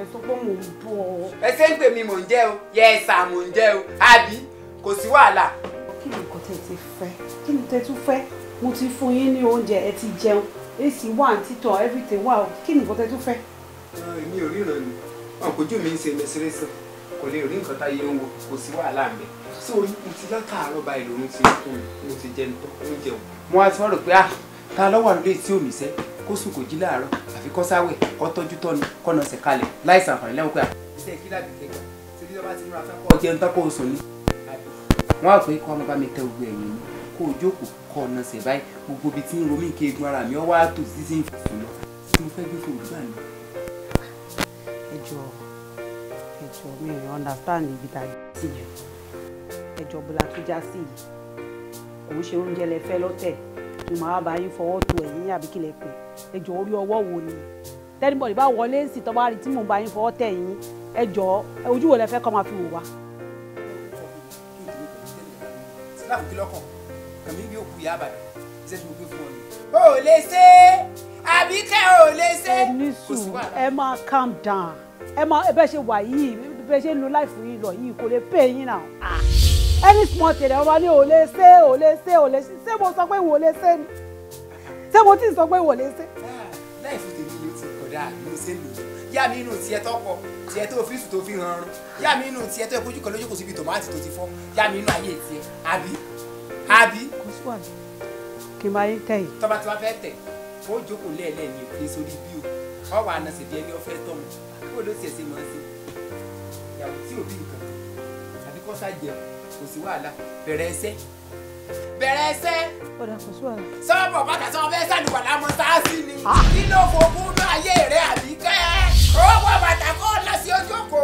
dẹ̀ sọ pé mò ń bọ̀. ẹ ṣe ń pè mí mò ń jẹ́ o yẹ ẹ sà mò ń jẹ́ o àbí kò sí wàhálà. kí ni nǹkan tẹ́ ti fẹ́ kí ni tẹ́ tún fẹ́ mo ti fún yín ní oúnjẹ ẹ ti jẹun èsì wà ní everything wà kí ni nǹkan tẹ́ tún fẹ́. èmi ò ríran ni wọn kò jù mí ń ṣe mẹsẹrẹsẹ kò lè rí nǹkan táyé ń wo kò sí wàhálà ń sórí mo ti látàárọ̀ báyìí lòún ti kú mo ti jẹun tó oúnjẹ o mo wá ti wá rò pé ah ta lọ́wọ́ àlùdé tí omi sẹ́ kó sùn kò jí láàárọ̀ àfi kọ́ sáwẹ̀ kọ́ tọ́jú tọ́ni kọ́ nà sẹ̀ kalẹ̀ láì sàǹfààní lẹ́wọ̀n pé iṣẹ́ kí láti kẹgbà tí bí ọba ti múra fẹ́ kọ́ jẹun tán kó o sùn ní. wọ́n á pè é kọ́ ọmọ bá mi tẹ òwe ẹ̀yìn mi kó o jókòó kọ́ ọ̀nà sẹ̀ báyìí gbogbo ibi tí ń romí nǹkan egun ara mi ọwọ́ á tò sí sí ìfòsùn lọ tí mo fẹ́ gbé fún òdúgbà mi. ẹ jọ ẹ jọ mi ò understand ibi tá a gbé sí yẹn ẹ jọ bó la tún já sí yìí kò ń ṣe oúnjẹ lẹ fẹ́ lọ́tẹ̀ ni màá bá yín fọwọ́ tu ẹ̀yìn àbí kílẹ̀ pé ẹ orí ọwọ́ wo ni tẹ́nibọ̀dì bá wọlé sí tó rí tí mò ń bá yín fọwọ́ tẹ̀ yín ẹ ojú wo lẹ fẹ́ kọ́ máa fi wò wá. o lè ṣe é àbí kẹ́ ò lè ṣe é. ẹ ní sùn ẹ máa calm down ẹ máa ẹ bẹ́ẹ̀ ṣe wà yìí bẹ́ẹ̀ ṣe ń lo láìfù yìí lọ yìí kò lè pè yín náà any small thing ọmọ ní ò lè ṣe ò lè ṣe ò lè ṣe ṣé mo sọ pé wò lè ṣe ni ṣé mo ti sọ pé wò lè ṣe. láì fún tèmi ló ti kọ̀dá ló ṣe lò ó yá mi inú tiẹ̀ tọkọ tiẹ̀ tó fífù tó fi hàn rún yá mi inú tiẹ̀ tó ẹ kójú kan lójú kò síbi tòmátì tó ti fọ́ yá mi inú ayé tiẹ̀ àbí àbí. kò sí wàhálà kì í máa yín tẹ̀ yìí. tọ́ba tí wàá fẹ́ tẹ̀ ó jókòó lẹ́ẹ̀lẹ́ ní òkè sórí bí o ọwọ́ àna sì bí ẹni ọ̀fẹ́ tọ̀ mọ́ kó ló tiẹ̀ ṣe máa ṣe ìyàwó tí òbí nǹkan àbí kọ́sá jẹun kò sí wàhálà bẹ̀rẹ̀ ẹsẹ̀ bẹ̀rẹ̀ ẹsẹ̀. ọ̀dà kò sí wàhálà. sọ́ọ̀bù bàtà sọ fẹ́ sàlùwà lámọ sáàsì ni ah! kí ló fògùn ní ayé rẹ̀ àbíkẹ́ owó bàtà kó lọ sí ojú kò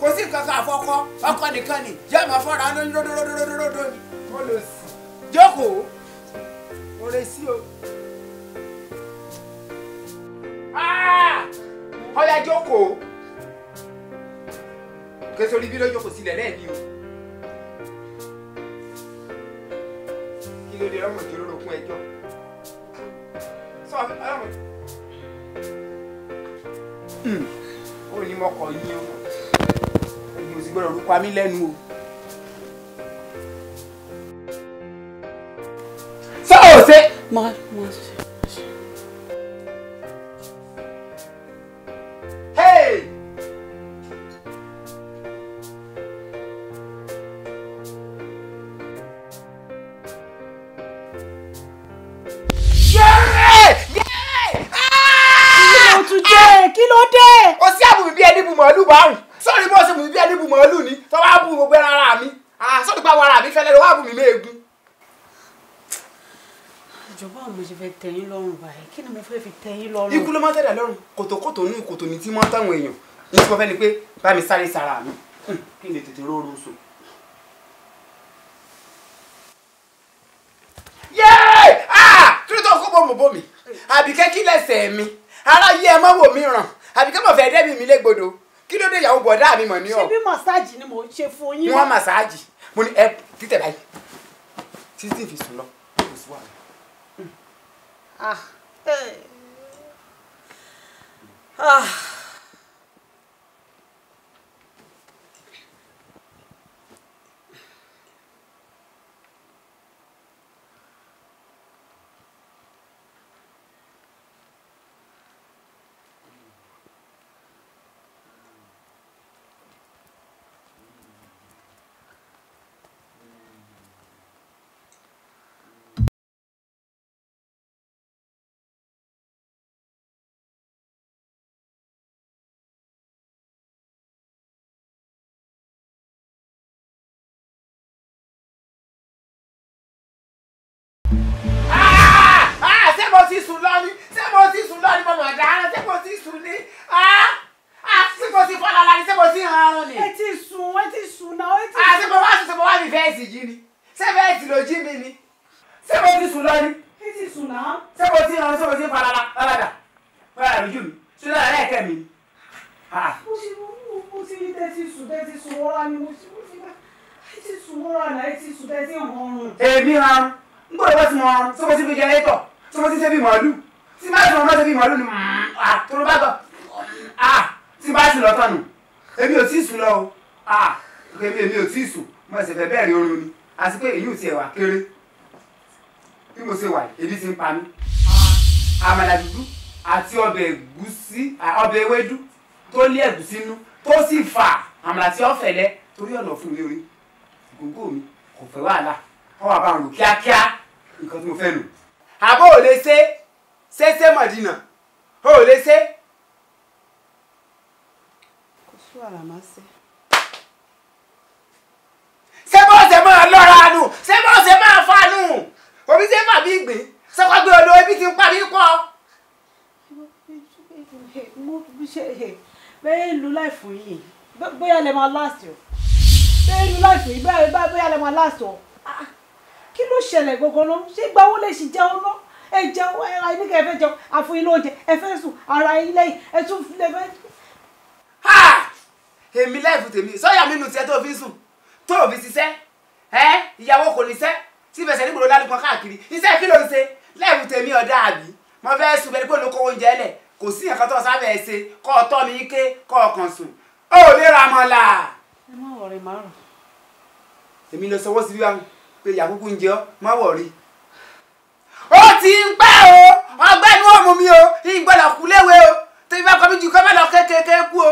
kò sí nǹkan kan àfọkọ ọkọ nìkan ni yóò máa fọ́ra lórí ródódódódódó ni ó lọ sí jókòó ó lè sí o. ọ̀yà ah! jókòó kẹsàn-án ibi ló jókòó sílẹ̀ lẹ́ẹ̀ni o. lè rọrùn kí lóró kún ẹjọ́ sọ ọlọ́run hmm. ó ní mo kọ̀ yín o èmi ò sì gbọ́dọ̀ rúpa mí o. sọ ò ṣe. máa máa lọ́rùn báyìí kí ni mo fẹ́ fi tẹ yín lọ́rùn. ikú ló máa tẹ̀dá lọ́rùn kòtòkòtò ní kòtò ní tí máa ń táwọn èèyàn ní tí mo fẹ́ ni pé bá mi sáré sára mi hmm, kí ni tètè róorun sùn. yéé ah kí ló tó kó bòmù bòmì àbíkẹ́ kí lẹ́sẹ̀ mi aráyé ẹ má wò mí ràn àbíkẹ́ mọ̀ fẹ́ dẹ́bi mi légbodò kí ló dé ìyàwó bọ̀dá mi mọ̀ ní ọ. ṣé bí màsáàjì ni mò ń ṣe fún yín. ni wọ́n màsáàjì mo ní ẹ títẹ̀ báyìí títí fi sùn lọ kò sí wàhálà. あ、うあ。èmi han n gbọ́dọ̀ bá ti mọ ọrùn sọ́kọ́ sí fi jẹ ẹ́tọ̀ sọ́kọ́ sí sẹ́bí màálù tí bá ti mọ ọmọ sẹ́bí màálù ni tó ló bá gbọ́ tí bá ti lọ tọ̀nù èmi ò tí ì sùn lọ o èmi èmi ò tí ì sùn mo ẹsẹ̀ fẹ́ bẹ́ẹ̀ rí oorun ni àti pé èyí ò tiẹ̀ wà kéré bí mo ṣe wà èmi ti ń pa mí àmàlà dúdú àti ọbẹ̀ ẹ̀gúsí ọbẹ̀ ewédú tó lé ẹ̀gúsí nú tó sì fà àmàlà tí ó fẹ̀lẹ́ torí ọ̀nà fún mi rí gbogbo mi kò fẹ́ wàhálà ọ wà bá ń lò kíákíá nǹkan tí mo fẹ́ lò. àbó ò lè ṣe ṣéṣe mọ̀dínà ó ò lè ṣe. kò sí wàhálà máa ṣe. ṣé bó ṣe máa lọ́ra nù ṣé bó ṣe máa fa nù omi ṣe fà bí ìgbín sọkọ gbé odò ibi tí ń parí pọ̀. mo ṣe bẹ́ẹ̀ lu láì fún yìí bóyá lè máa láàsì o bẹ́ẹ̀ ni láìpẹ́ yìí bẹ́ẹ̀ bá bóyá lè máa láàsọ̀ ah, kí ló ṣẹlẹ̀ gangan náà ṣé gba owó lè ṣì jẹun náà ẹ jẹun ẹ ra ẹni kẹ ẹ fẹ́ jẹun àfún ilé oúnjẹ ẹ fẹ́ sùn ara ilé ẹ tún lè fẹ́. èmi láìpẹ́ tèmi sọ́yà nínú tiẹ̀ tó fi sùn tó fi ṣiṣẹ́ ẹ ìyàwó kò níṣẹ́ tí ìfẹsẹ̀ nígboro lálùkọ káàkiri iṣẹ́ kí ló ń ṣe láìpẹ́ tèmi ọ̀dà àbí mo fẹ́ sùn bẹ́ẹ̀ pé olóko oúnjẹ lẹ̀ kò sí nǹkan tó sábẹ̀ ṣe kọ́ ọ mi ké kọ́ ọ sùn ó lè ra mọ́ la márùn. èmi lọ sọwọ́ sí wíwá pé yàkúkú ń jẹ ọ́ má wọ̀ rí. ó ti ń pẹ́ o ọgbẹ́ inú ọ̀mù mi o ìgbọ́dọ̀ kú léwe o tèmi bá kọ́ mi jù kọ́ bẹ́ẹ̀ lọ kékeré kú o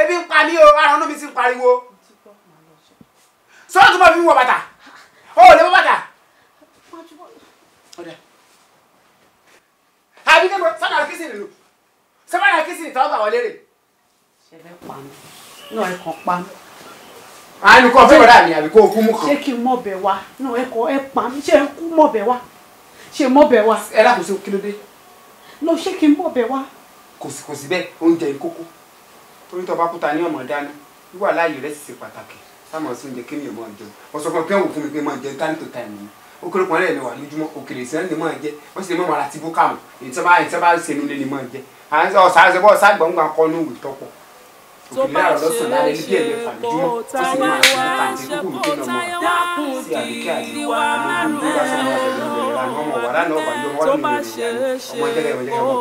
ebi ń pa mí o àrùn inú mi ti ń pariwo. sọ́ọ́ tó mọ̀ fi wọ bàtà o ò lè wọ bàtà. àbí kébọ̀ sábà kí sì nílò sábà kí sì ní tọ́gbà wọlé rè. ṣẹlẹ̀ pa mi náà ẹ kàn àánú ah, kọ́ fẹ́ bọ̀dá mi àbí kó o kú mú kan. ṣé kí n mọ̀bẹ̀ wá nù ẹ̀kọ́ ẹ̀ pa mí ṣé n kú mọ̀bẹ̀ wá ṣé mọ̀bẹ̀ wá. ẹ dàkún sí kí ló dé. no ṣé kí n mọ̀bẹ̀ wá. kò sí kò sí bẹ́ẹ̀ oúnjẹ ń kókó torí tó bá kúta ní ọmọ dáná wíwà láàyè rẹ̀ sì ṣe pàtàkì sáwọn sí oúnjẹ kí ni ìmọ̀ jẹun ọ̀sọ̀ kan kẹ́hùn fún mi pé máa jẹun time to time yìí ó kéré kan lẹ́ẹ̀mẹwàá lójúmọ́ òkèlè ìsìn ní máa jẹ wọ́n sì lè mọ̀ ara tìbú kàmù èyí tí wọ́n bá ṣe máa jẹ ọ̀sán àṣẹ bọ́ọ̀ sáàgbọ̀ngbà kọ́ ní òwe tọ́pọ̀ òkèlè àròlọ́ sàn lára ẹni bí ẹ̀mí fàmìjúmọ́ ó sì ní màá ṣe àdínkù ìdènà mọ́ sí àdínkù àdínkù àdínkù ìgbà sọmọ àtẹ̀lẹ́ ìbẹ̀rẹ̀ lánàá ọmọ wà lánàá ọba ìjọba wà nínú ìrìn ọmọ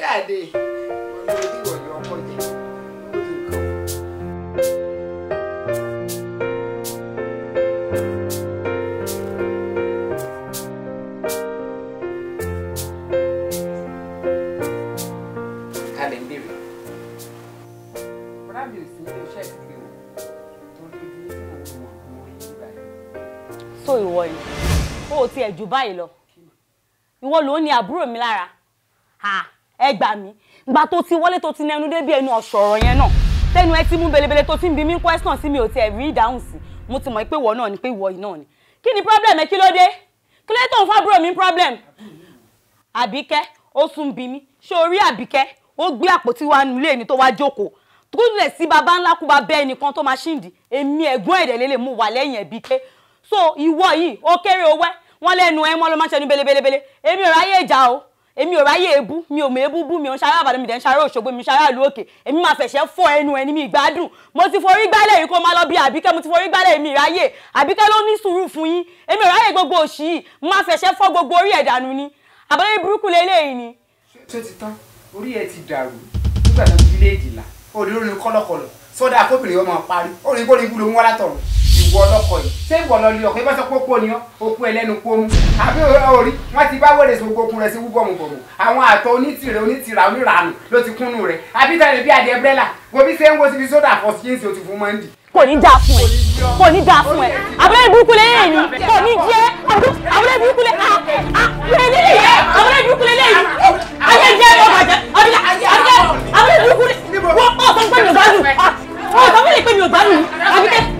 jẹ́gẹ́ ọmọ jẹ́gẹ́ ọmọ jù báyìí lọ ìwọ ló ní àbúrò mi lára ẹ gbà mí ìgbà tó ti wọlé tó ti nẹnu débi ẹnu ọ̀ṣọ̀rọ̀ yẹn náà tẹnu ẹ ti mú belebele tó ti ń bi mí question sí mi ò tiẹ̀ rí ìdáhùn sí mo ti mọ̀ pé ìwọ náà ni pé ìwọ yìí ni kí ni problem ẹ kí ló dé kí ló dé tó ń fábúrò mi problem àbíkẹ́ ó sún bí mi ṣé o rí àbíkẹ́ ó gbé àpótí wa nílé mi tó wá jókòó kúndùnlẹ̀ sí baba ńlá kú bá bẹ́ ẹnìkan tó máa ṣì ń dì èmi ẹ̀gbọ́n ẹ̀dẹ̀ lélẹ̀ mo wà lẹ́yìn ẹ̀bí so ìwọ yìí ó kéré owẹ́ wọ́n lẹ́nu ẹ̀ wọ́n ló máa ń ṣẹnu belebelebele èmi ò ráyè ìjà o èmi ò ráyè ebú mi ò mọ ebú bú mi ò ń ṣará àbàdàn mi dẹ̀ ń ṣará òṣogbo mi ṣará ìlú òkè èmi máa fẹ̀ṣẹ̀ fọ ẹnu ẹni mi ìgbádùn mo ti forí gbálẹ̀ yìí kó máa lọ bí àbíkẹ́ mo ti forí gbálẹ̀ mi ìráyè àbíkẹ́ ló ní sùúrù fún yín èmi ò ráyè gbogbo òṣì yìí mo máa fẹ̀ṣẹ̀ fọ gbogbo orí ẹ̀ dànù ni àbálẹ́ burúkú lélẹ́yìn ni. ṣé ti tán orí ẹ ti dàrú nígbà tó ti lé èdè là ó lè lórí kọ́lọ́kọ́lọ́ sọ́dà kóbìnrin ọmọ parí ó ní kó ìwọ ọlọ́kọ yìí ṣé ìwọ lọ lé ọkọ yìí bá sọ pé ó pò ni ọ okun ẹlẹ́nu kó mú àbí orí wọn ti bá wẹ̀rẹ̀ sọ gbogbo okun rẹ̀ sí wúbọ̀mùbọ̀mù àwọn àtọ̀ onítìrẹ onítìrà oníranù ló ti kúnnú rẹ̀ àbí tẹ̀lé bí adìẹ brẹ́là wo bí ṣe ń wo sódà fọ síyẹ́nsì ó ti fún mọ́ndì. kò ní dáa fún ẹ kò ní dáa fún ẹ abúlé burúkú lé yẹn ni kò ní jẹ abúlé burúkú lé abúlé burúkú lé yẹn ayé jẹ ẹ bàjẹ́ abúlé burúkú lé wọ́n ọ̀ sọ pé mi ò gbádùn ọ̀ sọ pé mi ò gbádùn àbíkẹ́.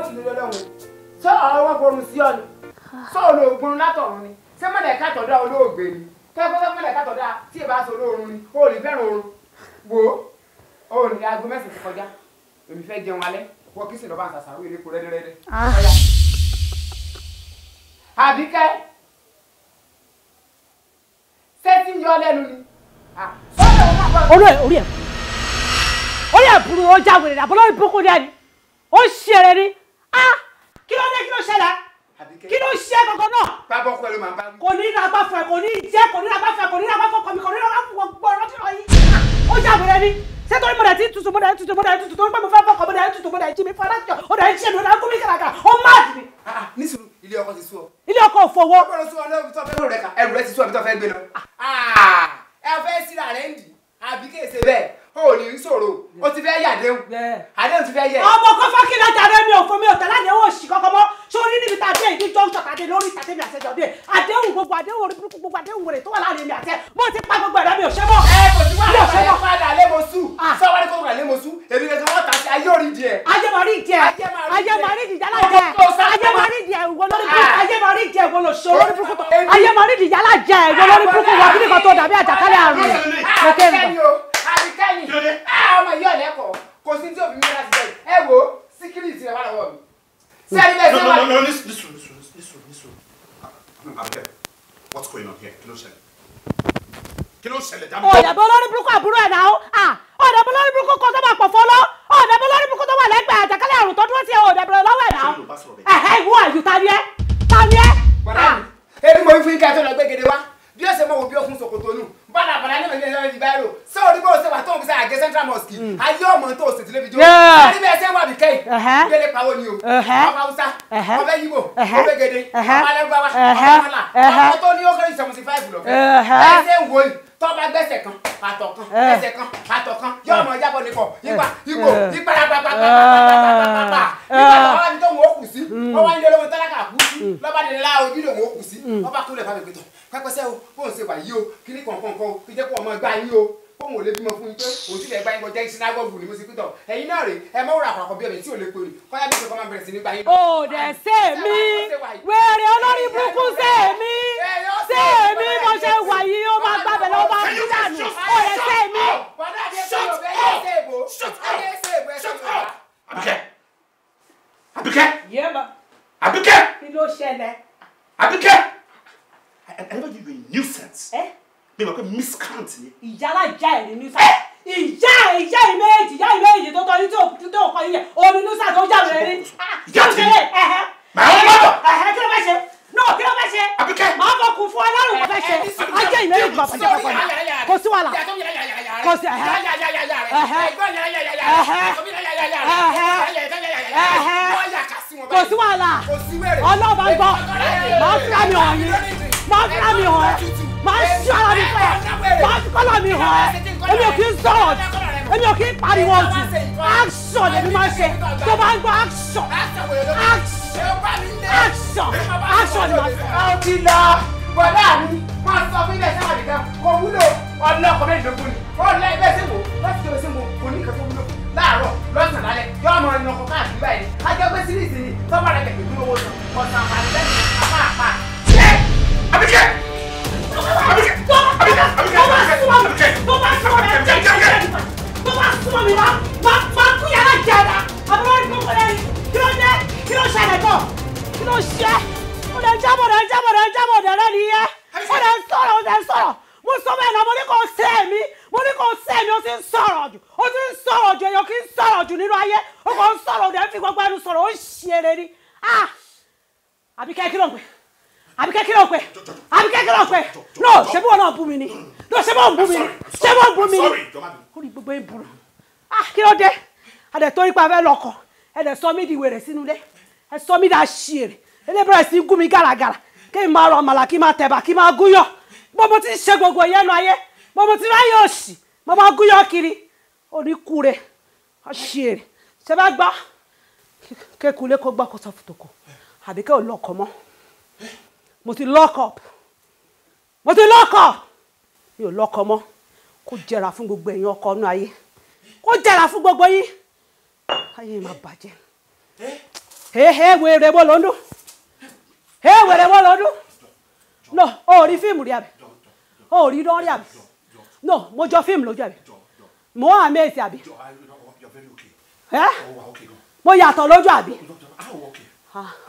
wọ́n sì lórí ọlọ́run ṣé ọ̀rọ̀ wọn gbọ́run sí ọ̀nà ṣé olóògùn látọ̀run ni ṣé mọ̀lẹ́ká tọ̀dá olóògbé ni tẹ́gbọ́n mọ̀lẹ́ká tọ̀dá tí ì bá aṣọ olóorun ni o lè fẹ́ràn oorun wò o ní aago mẹ́sàn-án ti kọjá èmi fẹ́ jẹun alẹ́ wọ́n kí sì lọ́ọ́ bá ń sàṣàrò ìrẹ́kọ rẹ́dẹ́rẹ́dẹ́. àbíkẹ́ ṣé tí ń yọ lẹ́nu ni olú ẹ orí ẹ orí ẹ burú ó jáwèrè àbọ̀lọ́rin boko ní ẹni ó ṣe ẹrẹ ní ah kí ló dé kí ló ṣẹlẹ̀ kí ló ṣe gangan náà. bábọ̀ pẹ̀lú màá bá wí. kò ní ra gbá fún ẹ kò ní jẹ́ kò ní ra gbá fún ẹ kò ní ra gbá fún ọkọ mi kò ní ra gbá fún gbogbo ọ̀rọ̀ tí lọ́ọ́ yìí. Ah! ó jà bẹ̀rẹ̀ ni ṣé torí mo dẹ̀ ti tutù mo dẹ̀ tutù mo dẹ̀ tutù torí pé mo fẹ́ fọkàn mo dẹ̀ tutù mo dẹ̀ jí mi fún aláṣọ ó dẹ̀ ṣe mi ó dẹ̀ gún mi kàràkà ó má jì mí. Ah, ah, nísìnyí ilé ọkọ ti sú ọ. ilé ọkọ òfowó. ọkọ ló sú ọ lọ́wọ́ tó fẹ́ lọ́rẹ̀ká ẹrù rẹ ti sú ọ bí tó fẹ́ gbé lọ. ẹ fẹ́ síra rẹ̀ ń dì àbí kéèsè bẹ́ẹ̀ o ò ní sọ̀rọ̀ o ti fẹ́ yà déhùn àdéhùn ti fẹ́ yẹ. ọmọ kan fọ́kí lọ́jà rẹ mi ò fún mi ò tẹ̀lé àdéhùn òsì kankan mọ́ sórí níbi tá a dé ìdí jọ́ńtọ̀ tàdé lórí ìtàdé mi àtẹ̀jọ́ dé àdéhùn gbogbo àdéhùn orí burúkú gbogbo àdéhùn wèrè tó wà láàrin mi àtẹ mo ti pa gbogbo ẹ̀rọ mi ò ṣẹ́ mọ́. ẹ kò sí wàhálà ẹ padà lémosu sọwọ́n kò kà lémosu èmi lè sọ́wọ́ tà sí ayé orí diẹ. ayé máa rí diẹ ayé máa rí diẹ alájẹ ayé máa rí diẹ ìwọ lórí burúkú ayé máa rí diẹ ìwọ lòṣò lórí burúkú ayé máa rí diẹ alájẹ ìwọ lórí burúkú wà kí nìkan tó dàbí àjàkálẹ̀ àrùn òkè nǹkan àṣìká ni ah, ọmọ yìí ọ̀lẹ́ kọ̀ kò sí tí òbí mi láti bẹ̀rẹ̀ ẹ wo síkírì ti rẹ̀ lọ́wọ́ mi. sẹ́ni bẹ́ẹ̀ sẹ́ni wà. no no no nisun nisun nisun nisun abeg what's going on here kí ló ṣẹlẹ̀ kí ló ṣẹlẹ̀ dábò. ọ̀dàbọ̀ lórí burúkú àbúrò ẹ̀ náà ọ̀dàbọ̀ lórí burúkú kọ́ tó máa pọ̀ fọ́ lọ ọ̀dàbọ̀ lórí burúkú tó wà lẹ́gbẹ̀ẹ́ àjàkálẹ̀ àrùn tó dúró sí ọ̀dàbọ̀ lọ́wọ́ ẹ̀ náà ẹ̀hẹ́ ìwọ àyùtá ni ẹ ta ni ẹ. bàdá mi èmi mo fi kí a tó lọ gbé gèdè wá bí ó ṣe mọ òbí ọkùn ṣòkòtò nù bàlà bàlà ní ìrìn ìrìn ìbáyìí rò sọ orí bó ṣe wà tó ń gbèsè àjẹ central mosque mm. ayé ọmọ tó ṣètì lébi jó àti bẹ́ẹ̀ ṣe wà bìkẹ́ yìí gbélé pawó ni o ọmọ haúsá ọmọ yíbo ọmọ gèdè ọmọ alẹ́gbàwá ọmọ mọ́là ọmọ tó ní ó kéré seventy five lọ fẹ́ ẹ ṣe ń tọ́ba gbẹ̀sẹ̀ kan pàtọ̀ kan gbẹ̀sẹ̀ kan pàtọ̀ kan pé náà rè é mọ́wúrà àpapọ̀ bí ọ̀bẹ tí ò lè pèrè kọ́yá bí ìṣèkọ́ máa bẹ̀rẹ̀ sí nígbà yín. ó oh, ọtí lọ bọ̀dá mi máa sọ fún ilé iṣẹ́ àdìgá kò wúlò ọlọ́kọ̀ mẹ́rìndínlógún ni wọ́n lé ẹgbẹ́ sí wo láti ṣe òṣèlú kò ní nǹkan tó wúlò láàárọ̀ lọ́sàn-án lálẹ́ yọ ọmọ ẹni ọkọ̀ káàkiri báyìí ajọ́ pé síríìsì ni tọ́ba rẹ̀ kẹ̀kẹ́ dúró owó san ọ̀sán àpàdé lẹ́yìn apá àpá. ṣé àbíkẹ́ àbíkẹ́ àbíkẹ́ àbíkẹ́ àbíkẹ́ àbíkẹ́ àbíkẹ́ àbíkẹ́ ó lè jábọ̀ lè jábọ̀ lè jábọ̀ dẹ̀rẹ́ nìyẹn ó lè sọ̀rọ̀ ó lè sọ̀rọ̀ mo sọ bẹ́ẹ̀ náà mo ní kò sẹ́ mi mo ní kò sẹ́ mi ó ti ń sọ̀rọ̀ jù ó ti ń sọ̀rọ̀ jù èèyàn kì í sọ̀rọ̀ jù nínú ayé ó kò ń sọ̀rọ̀ ó dẹ̀ fi gbogbo ah àbíkẹ́ kí ló ń pè àbíkẹ́ kí ló ń pè àbíkẹ́ kí ló ń pè no ṣé bí no ṣé bí wọn bú mi ni ṣé bí wọn bú mi ni ó ní gbogbo ẹ̀ burú ah kí ló dé adẹ̀ torí pa fẹ́ lọkọ̀ ẹ̀ dẹ̀ sọ mí di wèrè sínú ilé ẹ̀ sọ mí dá ilé bẹ̀rẹ̀ sí gún mi gàràgàrà kí n máa rọ àmàlà kí n máa tẹ̀bà kí n máa gúnyọ̀ bó mo ti ń ṣe gbogbo yẹn nu ayé bó mo ti ráyè òṣì mo máa gúnyọ̀ kiri oníkure ọ̀ṣìrì ṣe bá gbọ́ kékulé kó gbọ́ kó sọ fòtòkò àbí kí o lọ́kọ̀ mọ́ mo ti lock up mo ti lock up mi ò lọ́kọ̀ mọ́ kó jẹra fún gbogbo ẹ̀yin ọkọ inú ayé kó jẹra fún gbogbo yín ayé máa bàjẹ́ hehe wèrè mo lọ́dún wẹ̀rẹ̀ wọ́n lọ́dún no o ò rí fíìmù rí àbí o ò rí dán rí àbí no mo jọ fíìmù lójú àbí mo hàn àmẹ́sì àbí mo yàtọ̀ lójú àbí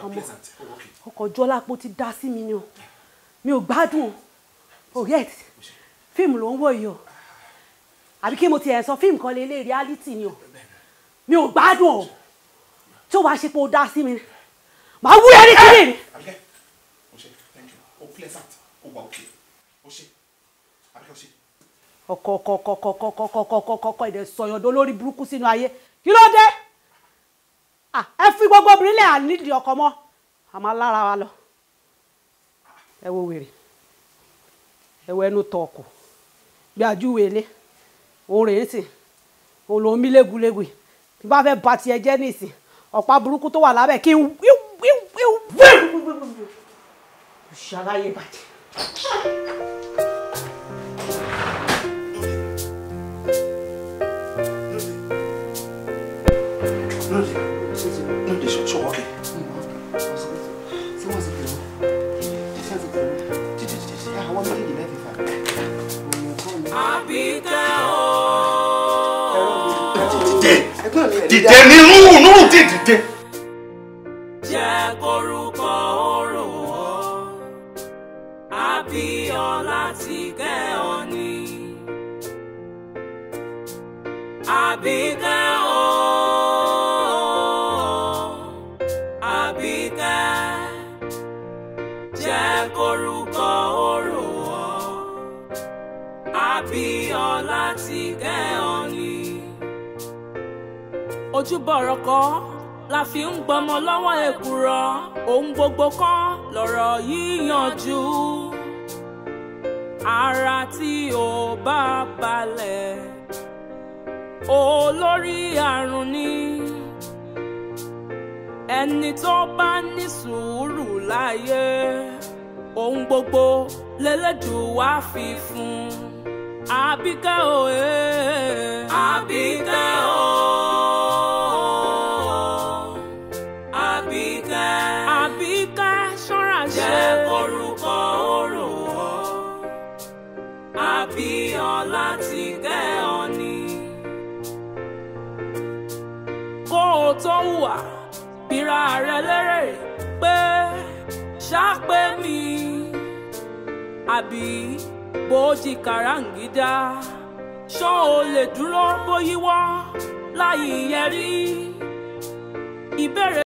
ọmọ ọkọ̀ jọlápọ̀ ti dá sí mi ni o mi ò gbádùn o yet fíìmù ló ń wò yìí o àbí kí mo ti ẹ̀ sọ fíìmù kan lè lè reality ni o mi ò gbádùn o tí ó wàá ṣe pé o dá sí mi màá wú ẹni kiri mi o ó wà òkè ó ṣe àbíkẹ́ ó ṣe. ọkọ ọkọ ọkọ ọkọ ọkọ ọkọ ọkọ ọkọ ọkọ ọkọ ìdẹ sọyàn dó lórí burúkú sínú ayé kí ló dé ẹ fi gbogbo obìnrin lẹ ànídìí ọkọ mọ àmọ́ lára wa lọ ẹ wo wèrè ẹ wo ẹnu tọ ọkọ bí ajúwe ilé òun rèé sìn òun lòún mí léeguléegù bí bá fẹ́ ba tiẹ̀ jẹ́ nìsín ọ̀pá burúkú tó wà lábẹ́ kí n ṣàlàyé bàjẹ́. dìde ni nùnú ti dìde. Abíọ́lá ti kẹ́ ọ ni. Àbíkẹ́ o. Àbíkẹ́ jẹ́ korúkọ orò ọ. Abíọ́lá ti kẹ́ ọ ni. Ojúbọ ọ̀rọ̀ kọ́ la fi ń gbọ́mọ lọ́wọ́ èkùrọ́ ohun gbogbo kan lọ̀rọ̀ yìí yanjú ara tí ò bá balẹ̀ olórí àrùn ni ẹni tó bá ní sùúrù láyé ohun gbogbo lẹ́lẹ́dùn wá fi fún un òye. àbíkẹ́. tó ń wà bíra rẹ lérè pé ṣáàpé mi àbí bòójì kàràǹgídá ṣó o lè dúró bóyíwọ́ láì yẹrí ìbéèrè.